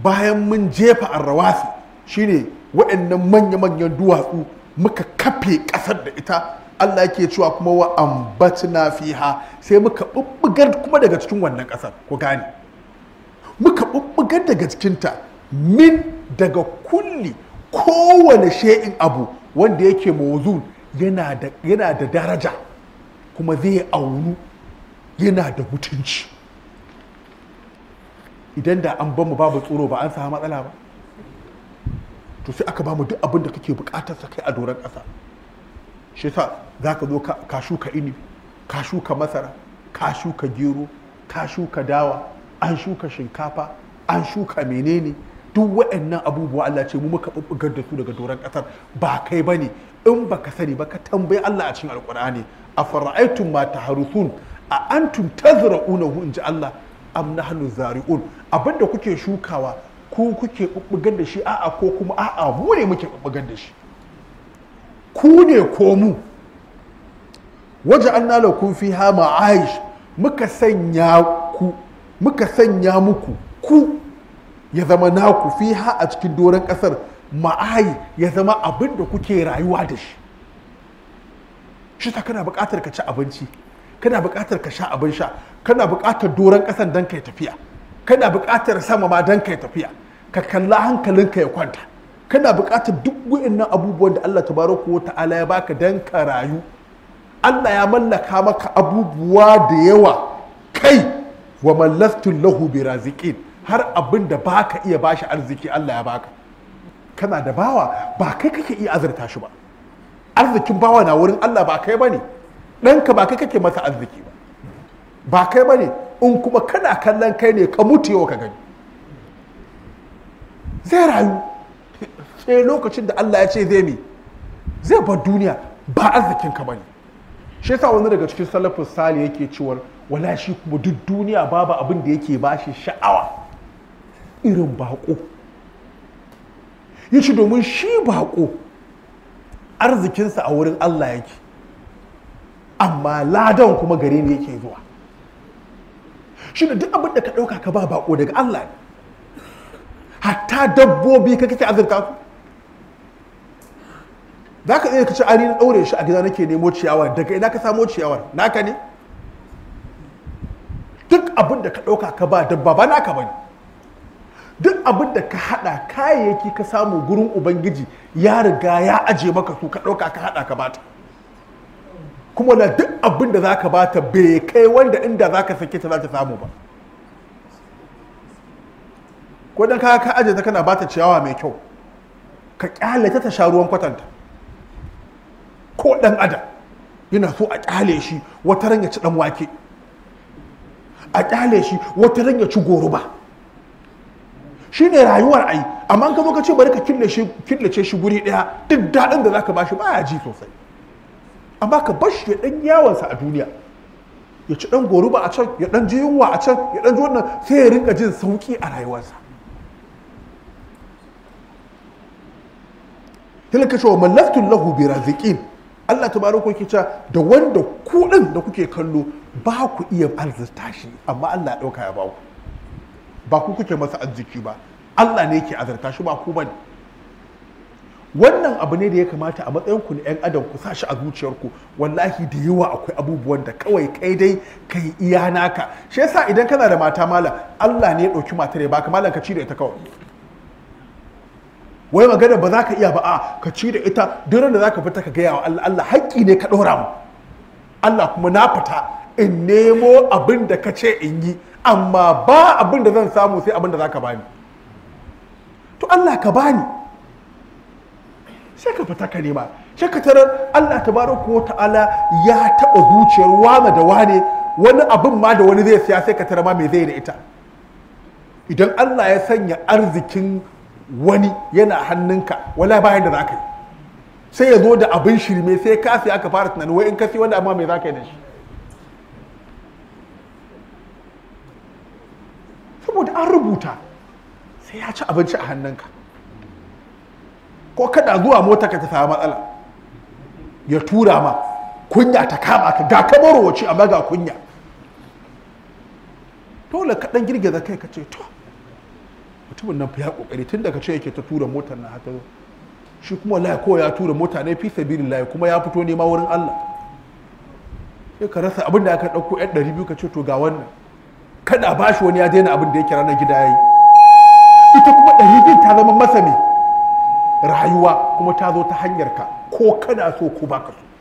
bayan mun jefa arrawasi shine waɗannan manya-manyan duwatsu muka kafe ƙasar da ita Allah yake cewa kuma wa ambatna fiha sai muka bubbugar kuma daga cikin wannan ƙasar ku gane muka bubbugar daga cikinta min daga kulli kowane she'in abu wanda yake mawuzun yana da daraja kuma zai aunu yana da mutunci idan da an mu babu tsoro ba an samu matsala ba to sai aka bamu duk abin da kake bukatar sa kai a doron ƙasa shi za ka zo ka shuka inibi ka shuka masara ka shuka gero ka shuka dawa an shuka shinkafa an shuka menene duk waɗannan abubuwa Allah ce mu muka bubbugar da su daga doron ƙasar ba kai bane in baka sani ba ka tambayi Allah a cikin alƙur'ani afara'aytum ma taharuthun a antum tazra'unahu inji Allah am nahnu zari'un abinda kuke shukawa ku kuke bubbugar da shi a'a ko kuma a'a mu ne muke bubbugar da shi ku ne ko mu waje an nala kun fi ha ma'aish muka sanya ku muka sanya muku ku ya zama naku fi ha a cikin doron kasar ma'ai ya zama abinda kuke rayuwa da shi shi ta kana buƙatar ka ci abinci kana buƙatar ka sha abin sha kana buƙatar doron ƙasan don yi tafiya kana buƙatar sama ma don yi tafiya ka kalla hankalin ka ya kwanta kana buƙatar duk wa'annan abubuwan da Allah tabaraka wa ta'ala ya baka don ka rayu Allah ya mallaka maka abubuwa da yawa kai wa mallastun lahu bi raziqin har abin da baka iya bashi arziki Allah ya baka kana da bawa ba kai kake iya azurta shi ba arzikin bawa na wurin Allah ba kai bane ɗanka ba kai kake masa arziki ba ba kai ba ne in kuma kana kallon kai ne ka mutu yau ka gani zai rayu sai lokacin da Allah ya ce zai mi zai bar duniya ba arzikin ka bane shi yasa wani daga cikin salafin sali yake cewar wala shi kuma duk duniya babu abin da yake bashi sha'awa irin bako yace domin shi bako arzikinsa a wurin Allah yake amma ladan kuma gare ni yake zuwa shi da duk abin da ka ɗauka ka ba bako daga Allah ne hatta dabbobi ka kake azurta ku? za ka iya kaci ari na ɗaure shi a gida nake nemo ciyawar daga ina ka samo ciyawar naka ne duk abin da ka ɗauka ka ba dabba ba naka ba duk abin da ka haɗa kayayyaki ka samu gurin ubangiji ya riga ya aje maka su ka ɗauka ka haɗa ka bata kuma na duk abin da za ka bata bai kai wanda inda za ka sake ta za ta samu ba ko don ka aje ta kana bata ciyawa mai kyau ka kyale ta ta sha ruwan kwatanta ko dan ada, yana so a kyale shi wata ran ya ci dan wake a kyale shi wata ran ya ci goruba shi ne rayuwar ai amma ka zo ka ce bari ka killace shi guri daya duk daɗin da za ka shi ba ya ji sosai amma ka bar shi ya dan yawansa a duniya ya ci ɗan goruba a can ya ɗan ji a can ya ɗan ji wannan sai ya rinka jin sauki a rayuwarsa yana kashe wa mallaftun lahu bi raziqin Allah ta yake cewa da wanda kuɗin da kuke kallo ba ku iya arzita shi amma Allah ya ɗauka ya ba ku ba ku kuke masa arziki ba Allah ne yake azarta shi ba ku ba ne. wannan abu ne da ya kamata a matsayinku na 'yan adam ku sa shi a zuciyarku wallahi da yawa akwai abubuwan da kawai kai dai kai iya naka shi yasa idan kana da mata malam Allah ne ya ɗauki matar ya baka malam ka ci da ita kawai wai magana ba za ka iya ba a ka ci da ita duk da za ka fita ka gaya wa Allah Allah haƙƙi ne ka ɗora mu Allah kuma na fita in nemo abin da ka ce in yi amma ba abin da zan samu sai abin da za ka bani to Allah ka bani sai ka fita ka nema sai ka tarar Allah tabaraka wa ta'ala ya taɓa zuciyar wane da wane wani abin ma da wani zai siya sai ka tarar ma me zai da ita idan Allah ya sanya arzikin wani yana hannunka wala bayan da za ka yi sai ya zo da abin shirme sai ka siya aka fara tunani wai in ka sai wanda amma me za ka yi da shi saboda an rubuta sai ya ci abinci a hannunka ko kada zuwa mota ka ta samu matsala ya tura ma kunya ta kama ka ga ka marowaci amma ga kunya dole ka dan girgiza kai ka ce to mutumin nan ya kokari tun daga ce yake ta tura motar na haka shi kuma la ko ya tura mota ne fi sabilillah kuma ya fito ne ma wurin Allah sai ka rasa abin da aka dauko 200 ka ce to ga wannan kada ba shi wani ya daina abin da yake ranar gida yayi ita kuma 200 ta zama masa me rayuwa kuma ta zo ta hanyar ka ko kana so ko baka so